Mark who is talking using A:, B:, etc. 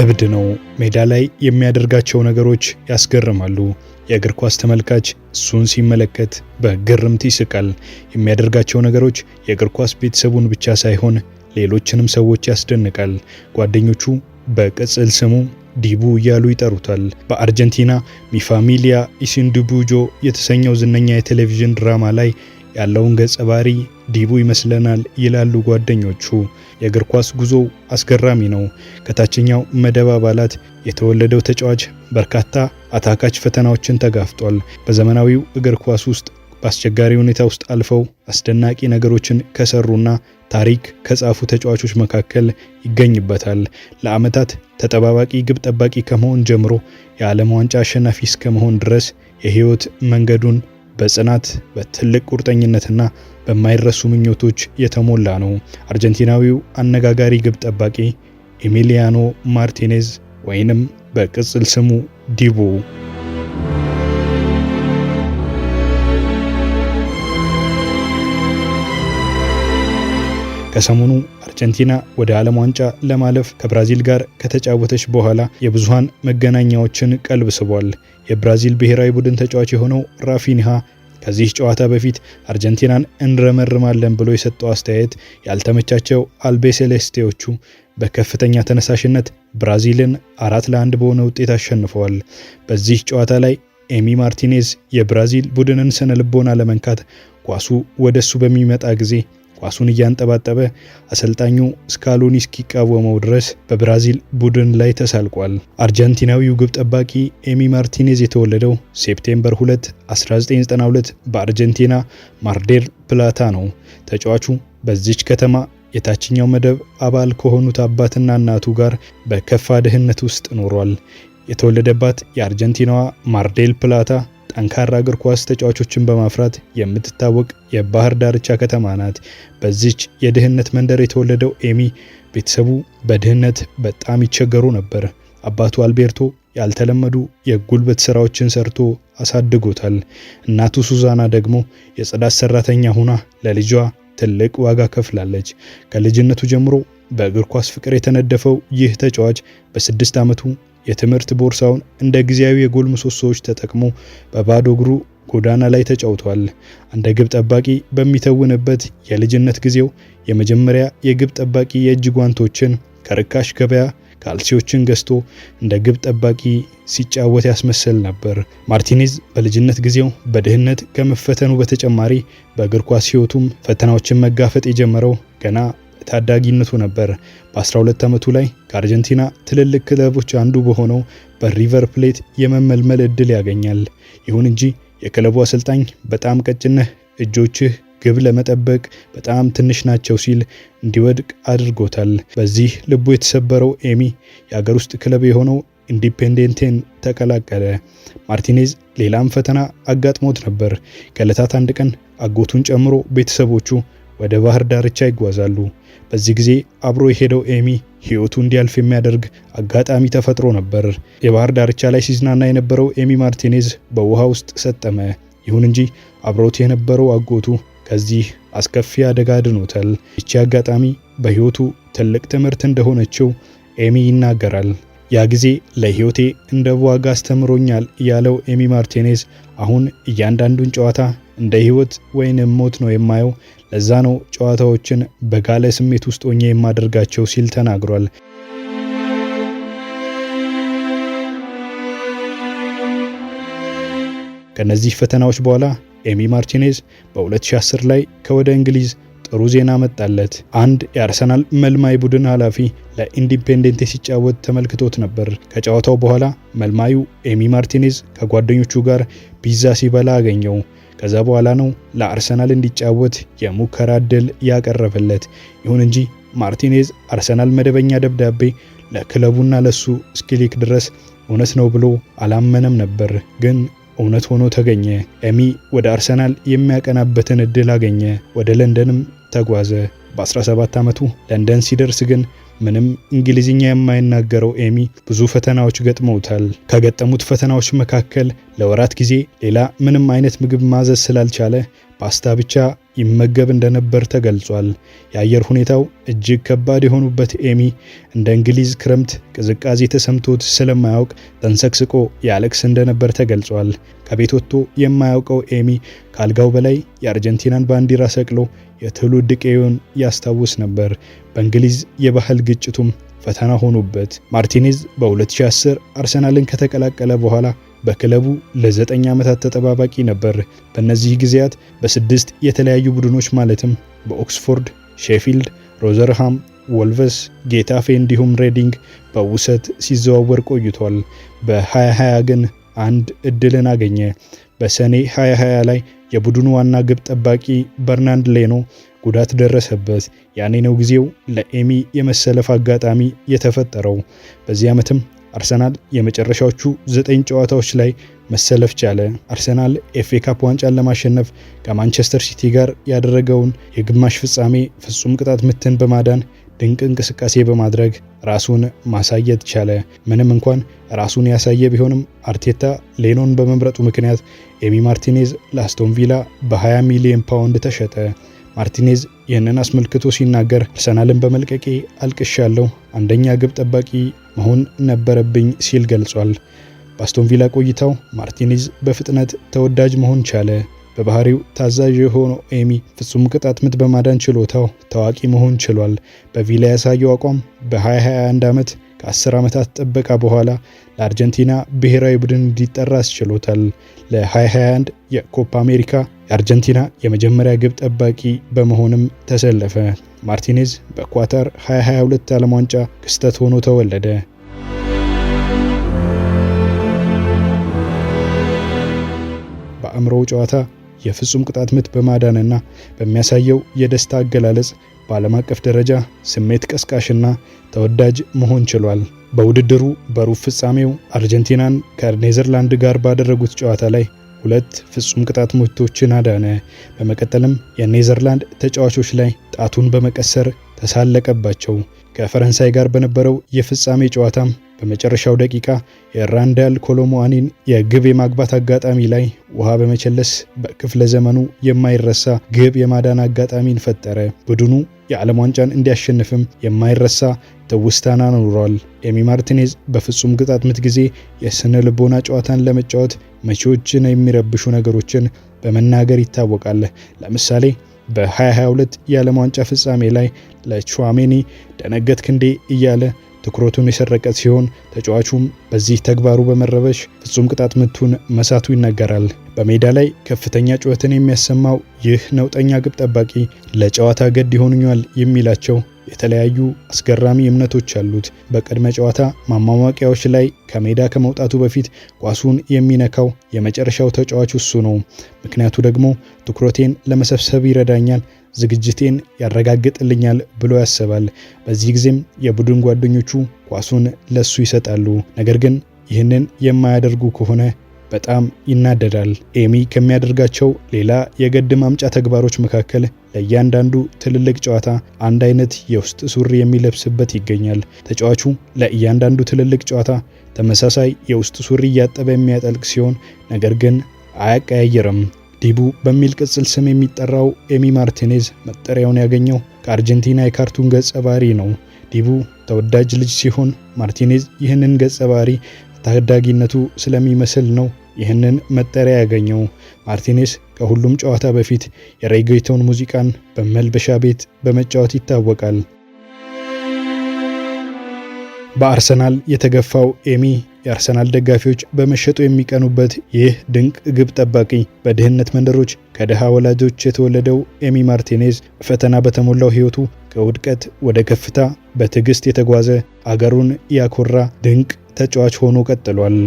A: እብድ ነው። ሜዳ ላይ የሚያደርጋቸው ነገሮች ያስገርማሉ። የእግር ኳስ ተመልካች እሱን ሲመለከት በግርምት ይስቃል። የሚያደርጋቸው ነገሮች የእግር ኳስ ቤተሰቡን ብቻ ሳይሆን ሌሎችንም ሰዎች ያስደንቃል። ጓደኞቹ በቅጽል ስሙ ዲቡ እያሉ ይጠሩታል። በአርጀንቲና ሚፋሚሊያ ኢሲንዱቡጆ የተሰኘው ዝነኛ የቴሌቪዥን ድራማ ላይ ያለውን ገጸ ባህሪ ዲቡ ይመስለናል ይላሉ ጓደኞቹ። የእግር ኳስ ጉዞ አስገራሚ ነው። ከታችኛው መደብ አባላት የተወለደው ተጫዋች በርካታ አታካች ፈተናዎችን ተጋፍጧል። በዘመናዊው እግር ኳስ ውስጥ በአስቸጋሪ ሁኔታ ውስጥ አልፈው አስደናቂ ነገሮችን ከሰሩና ታሪክ ከጻፉ ተጫዋቾች መካከል ይገኝበታል። ለዓመታት ተጠባባቂ ግብ ጠባቂ ከመሆን ጀምሮ የዓለም ዋንጫ አሸናፊ እስከ መሆን ድረስ የህይወት መንገዱን በጽናት በትልቅ ቁርጠኝነትና በማይረሱ ምኞቶች የተሞላ ነው። አርጀንቲናዊው አነጋጋሪ ግብ ጠባቂ ኤሚሊያኖ ማርቲኔዝ ወይንም በቅጽል ስሙ ዲቦ ከሰሞኑ አርጀንቲና ወደ ዓለም ዋንጫ ለማለፍ ከብራዚል ጋር ከተጫወተች በኋላ የብዙሃን መገናኛዎችን ቀልብ ስቧል። የብራዚል ብሔራዊ ቡድን ተጫዋች የሆነው ራፊኒሃ ከዚህ ጨዋታ በፊት አርጀንቲናን እንረመርማለን ብሎ የሰጠው አስተያየት ያልተመቻቸው አልቤሴሌስቴዎቹ በከፍተኛ ተነሳሽነት ብራዚልን አራት ለአንድ በሆነ ውጤት አሸንፈዋል። በዚህ ጨዋታ ላይ ኤሚ ማርቲኔዝ የብራዚል ቡድንን ስነ ልቦና ለመንካት ኳሱ ወደሱ በሚመጣ ጊዜ ኳሱን እያንጠባጠበ አሰልጣኙ ስካሎኒ እስኪቃወመው ድረስ በብራዚል ቡድን ላይ ተሳልቋል። አርጀንቲናዊው ግብ ጠባቂ ኤሚ ማርቲኔዝ የተወለደው ሴፕቴምበር 2 1992 በአርጀንቲና ማርዴር ፕላታ ነው። ተጫዋቹ በዚች ከተማ የታችኛው መደብ አባል ከሆኑት አባትና እናቱ ጋር በከፋ ድህነት ውስጥ ኖሯል። የተወለደባት የአርጀንቲናዋ ማርዴል ፕላታ ጠንካራ እግር ኳስ ተጫዋቾችን በማፍራት የምትታወቅ የባህር ዳርቻ ከተማ ናት። በዚች የድህነት መንደር የተወለደው ኤሚ ቤተሰቡ በድህነት በጣም ይቸገሩ ነበር። አባቱ አልቤርቶ ያልተለመዱ የጉልበት ስራዎችን ሰርቶ አሳድጎታል። እናቱ ሱዛና ደግሞ የጽዳት ሰራተኛ ሆና ለልጇ ትልቅ ዋጋ ከፍላለች። ከልጅነቱ ጀምሮ በእግር ኳስ ፍቅር የተነደፈው ይህ ተጫዋች በስድስት ዓመቱ የትምህርት ቦርሳውን እንደ ጊዜያዊ የጎል ምሰሶዎች ተጠቅሞ በባዶ እግሩ ጎዳና ላይ ተጫውቷል። እንደ ግብ ጠባቂ በሚተውንበት የልጅነት ጊዜው የመጀመሪያ የግብ ጠባቂ የእጅ ጓንቶችን ከርካሽ ገበያ ካልሲዎችን ገዝቶ እንደ ግብ ጠባቂ ሲጫወት ያስመስል ነበር። ማርቲኔዝ በልጅነት ጊዜው በድህነት ከመፈተኑ በተጨማሪ በእግር ኳስ ሕይወቱም ፈተናዎችን መጋፈጥ የጀመረው ገና ታዳጊነቱ ነበር። በ12 ዓመቱ ላይ ከአርጀንቲና ትልልቅ ክለቦች አንዱ በሆነው በሪቨር ፕሌት የመመልመል እድል ያገኛል። ይሁን እንጂ የክለቡ አሰልጣኝ በጣም ቀጭነህ፣ እጆችህ ግብ ለመጠበቅ በጣም ትንሽ ናቸው ሲል እንዲወድቅ አድርጎታል። በዚህ ልቡ የተሰበረው ኤሚ የአገር ውስጥ ክለብ የሆነው ኢንዲፔንዴንቴን ተቀላቀለ። ማርቲኔዝ ሌላም ፈተና አጋጥሞት ነበር። ከዕለታት አንድ ቀን አጎቱን ጨምሮ ቤተሰቦቹ ወደ ባህር ዳርቻ ይጓዛሉ። በዚህ ጊዜ አብሮ የሄደው ኤሚ ሕይወቱ እንዲያልፍ የሚያደርግ አጋጣሚ ተፈጥሮ ነበር። የባህር ዳርቻ ላይ ሲዝናና የነበረው ኤሚ ማርቲኔዝ በውሃ ውስጥ ሰጠመ። ይሁን እንጂ አብሮት የነበረው አጎቱ ከዚህ አስከፊ አደጋ አድኖታል። ይቺ አጋጣሚ በሕይወቱ ትልቅ ትምህርት እንደሆነችው ኤሚ ይናገራል። ያ ጊዜ ለሕይወቴ እንደ ዋጋ አስተምሮኛል ያለው ኤሚ ማርቲኔዝ አሁን እያንዳንዱን ጨዋታ እንደ ሕይወት ወይንም ሞት ነው የማየው ለዛ ነው ጨዋታዎችን በጋለ ስሜት ውስጥ ሆኜ የማደርጋቸው ሲል ተናግሯል። ከነዚህ ፈተናዎች በኋላ ኤሚ ማርቲኔዝ በ2010 ላይ ከወደ እንግሊዝ ጥሩ ዜና መጣለት። አንድ የአርሰናል መልማይ ቡድን ኃላፊ ለኢንዲፔንዴንቴ ሲጫወት ተመልክቶት ነበር። ከጨዋታው በኋላ መልማዩ ኤሚ ማርቲኔዝ ከጓደኞቹ ጋር ፒዛ ሲበላ አገኘው። ከዛ በኋላ ነው ለአርሰናል እንዲጫወት የሙከራ እድል ያቀረበለት። ይሁን እንጂ ማርቲኔዝ አርሰናል መደበኛ ደብዳቤ ለክለቡና ለሱ እስኪልክ ድረስ እውነት ነው ብሎ አላመነም ነበር። ግን እውነት ሆኖ ተገኘ። ኤሚ ወደ አርሰናል የሚያቀናበትን እድል አገኘ። ወደ ለንደንም ተጓዘ። በ17 ዓመቱ ለንደን ሲደርስ ግን ምንም እንግሊዝኛ የማይናገረው ኤሚ ብዙ ፈተናዎች ገጥመውታል። ከገጠሙት ፈተናዎች መካከል ለወራት ጊዜ ሌላ ምንም አይነት ምግብ ማዘዝ ስላልቻለ ፓስታ ብቻ ይመገብ እንደነበር ተገልጿል። የአየር ሁኔታው እጅግ ከባድ የሆኑበት ኤሚ እንደ እንግሊዝ ክረምት ቅዝቃዜ ተሰምቶት ስለማያውቅ ተንሰቅስቆ ያለቅስ እንደነበር ተገልጿል። ከቤት ወጥቶ የማያውቀው ኤሚ ካልጋው በላይ የአርጀንቲናን ባንዲራ ሰቅሎ የትውልድ ቀዬውን ያስታውስ ነበር። በእንግሊዝ የባህል ግጭቱም ፈተና ሆኑበት። ማርቲኔዝ በ2010 አርሰናልን ከተቀላቀለ በኋላ በክለቡ ለዘጠኝ ዓመታት ተጠባባቂ ነበር። በእነዚህ ጊዜያት በስድስት የተለያዩ ቡድኖች ማለትም በኦክስፎርድ፣ ሼፊልድ፣ ሮዘርሃም፣ ወልቨስ፣ ጌታፌ እንዲሁም ሬዲንግ በውሰት ሲዘዋወር ቆይቷል። በ2020 ግን አንድ እድልን አገኘ። በሰኔ 2020 ላይ የቡድኑ ዋና ግብ ጠባቂ በርናንድ ሌኖ ጉዳት ደረሰበት። ያኔ ነው ጊዜው ለኤሚ የመሰለፍ አጋጣሚ የተፈጠረው። በዚህ ዓመትም አርሰናል የመጨረሻዎቹ ዘጠኝ ጨዋታዎች ላይ መሰለፍ ቻለ። አርሰናል ኤፍኤ ካፕ ዋንጫን ለማሸነፍ ከማንቸስተር ሲቲ ጋር ያደረገውን የግማሽ ፍጻሜ ፍጹም ቅጣት ምትን በማዳን ድንቅ እንቅስቃሴ በማድረግ ራሱን ማሳየት ቻለ። ምንም እንኳን ራሱን ያሳየ ቢሆንም አርቴታ ሌኖን በመምረጡ ምክንያት ኤሚ ማርቲኔዝ ለአስቶን ቪላ በ20 ሚሊዮን ፓውንድ ተሸጠ። ማርቲኔዝ ይህንን አስመልክቶ ሲናገር አርሰናልን በመልቀቄ አልቅሻለሁ። አንደኛ ግብ ጠባቂ መሆን ነበረብኝ ሲል ገልጿል። በአስቶን ቪላ ቆይታው ማርቲኒዝ በፍጥነት ተወዳጅ መሆን ቻለ። በባህሪው ታዛዥ የሆነው ኤሚ ፍጹም ቅጣት ምት በማዳን ችሎታው ታዋቂ መሆን ችሏል። በቪላ ያሳየው አቋም በ2021 ዓመት ከ10 ዓመታት ጥበቃ በኋላ ለአርጀንቲና ብሔራዊ ቡድን እንዲጠራ አስችሎታል። ለ2021 የኮፓ አሜሪካ የአርጀንቲና የመጀመሪያ ግብ ጠባቂ በመሆንም ተሰለፈ። ማርቲኔዝ በኳታር 2022 ዓለም ዋንጫ ክስተት ሆኖ ተወለደ። በአእምሮው ጨዋታ የፍጹም ቅጣት ምት በማዳንና በሚያሳየው የደስታ አገላለጽ በዓለም አቀፍ ደረጃ ስሜት ቀስቃሽና ተወዳጅ መሆን ችሏል። በውድድሩ በሩብ ፍጻሜው አርጀንቲናን ከኔዘርላንድ ጋር ባደረጉት ጨዋታ ላይ ሁለት ፍጹም ቅጣት ምቶችን አዳነ። በመቀጠልም የኔዘርላንድ ተጫዋቾች ላይ ጣቱን በመቀሰር ተሳለቀባቸው። ከፈረንሳይ ጋር በነበረው የፍጻሜ ጨዋታም በመጨረሻው ደቂቃ የራንዳል ኮሎሞአኒን የግብ የማግባት አጋጣሚ ላይ ውሃ በመቸለስ በክፍለ ዘመኑ የማይረሳ ግብ የማዳን አጋጣሚን ፈጠረ። ቡድኑ የዓለም ዋንጫን እንዲያሸንፍም የማይረሳ ትውስታን አኑሯል። ኤሚ ማርቲኔዝ በፍጹም ቅጣት ምት ጊዜ የስነ ልቦና ጨዋታን ለመጫወት መቼዎችን የሚረብሹ ነገሮችን በመናገር ይታወቃል። ለምሳሌ በ2022 የዓለም ዋንጫ ፍጻሜ ላይ ለቹዋሜኒ ደነገጥክ እንዴ እያለ ትኩረቱን የሰረቀ ሲሆን ተጫዋቹም በዚህ ተግባሩ በመረበሽ ፍጹም ቅጣት ምቱን መሳቱ ይነገራል። በሜዳ ላይ ከፍተኛ ጩኸትን የሚያሰማው ይህ ነውጠኛ ግብ ጠባቂ ለጨዋታ ገድ ይሆንኛል የሚላቸው የተለያዩ አስገራሚ እምነቶች አሉት። በቅድመ ጨዋታ ማማሟቂያዎች ላይ ከሜዳ ከመውጣቱ በፊት ኳሱን የሚነካው የመጨረሻው ተጫዋች እሱ ነው። ምክንያቱ ደግሞ ትኩረቴን ለመሰብሰብ ይረዳኛል፣ ዝግጅቴን ያረጋግጥልኛል ብሎ ያስባል። በዚህ ጊዜም የቡድን ጓደኞቹ ኳሱን ለሱ ይሰጣሉ። ነገር ግን ይህንን የማያደርጉ ከሆነ በጣም ይናደዳል። ኤሚ ከሚያደርጋቸው ሌላ የገድ ማምጫ ተግባሮች መካከል ለእያንዳንዱ ትልልቅ ጨዋታ አንድ አይነት የውስጥ ሱሪ የሚለብስበት ይገኛል። ተጫዋቹ ለእያንዳንዱ ትልልቅ ጨዋታ ተመሳሳይ የውስጥ ሱሪ እያጠበ የሚያጠልቅ ሲሆን ነገር ግን አያቀያየርም። ዲቡ በሚል ቅጽል ስም የሚጠራው ኤሚ ማርቲኔዝ መጠሪያውን ያገኘው ከአርጀንቲና የካርቱን ገጸ ባህሪ ነው። ዲቡ ተወዳጅ ልጅ ሲሆን ማርቲኔዝ ይህንን ገጸ ባህሪ ታዳጊነቱ ስለሚመስል ነው ይህንን መጠሪያ ያገኘው ማርቲኔስ ከሁሉም ጨዋታ በፊት የሬጌቶን ሙዚቃን በመልበሻ ቤት በመጫወት ይታወቃል። በአርሰናል የተገፋው ኤሚ የአርሰናል ደጋፊዎች በመሸጡ የሚቀኑበት ይህ ድንቅ ግብ ጠባቂ በድህነት መንደሮች ከድሃ ወላጆች የተወለደው ኤሚ ማርቲኔዝ ፈተና በተሞላው ሕይወቱ ከውድቀት ወደ ከፍታ በትዕግሥት የተጓዘ አገሩን ያኮራ ድንቅ ተጫዋች ሆኖ ቀጥሏል።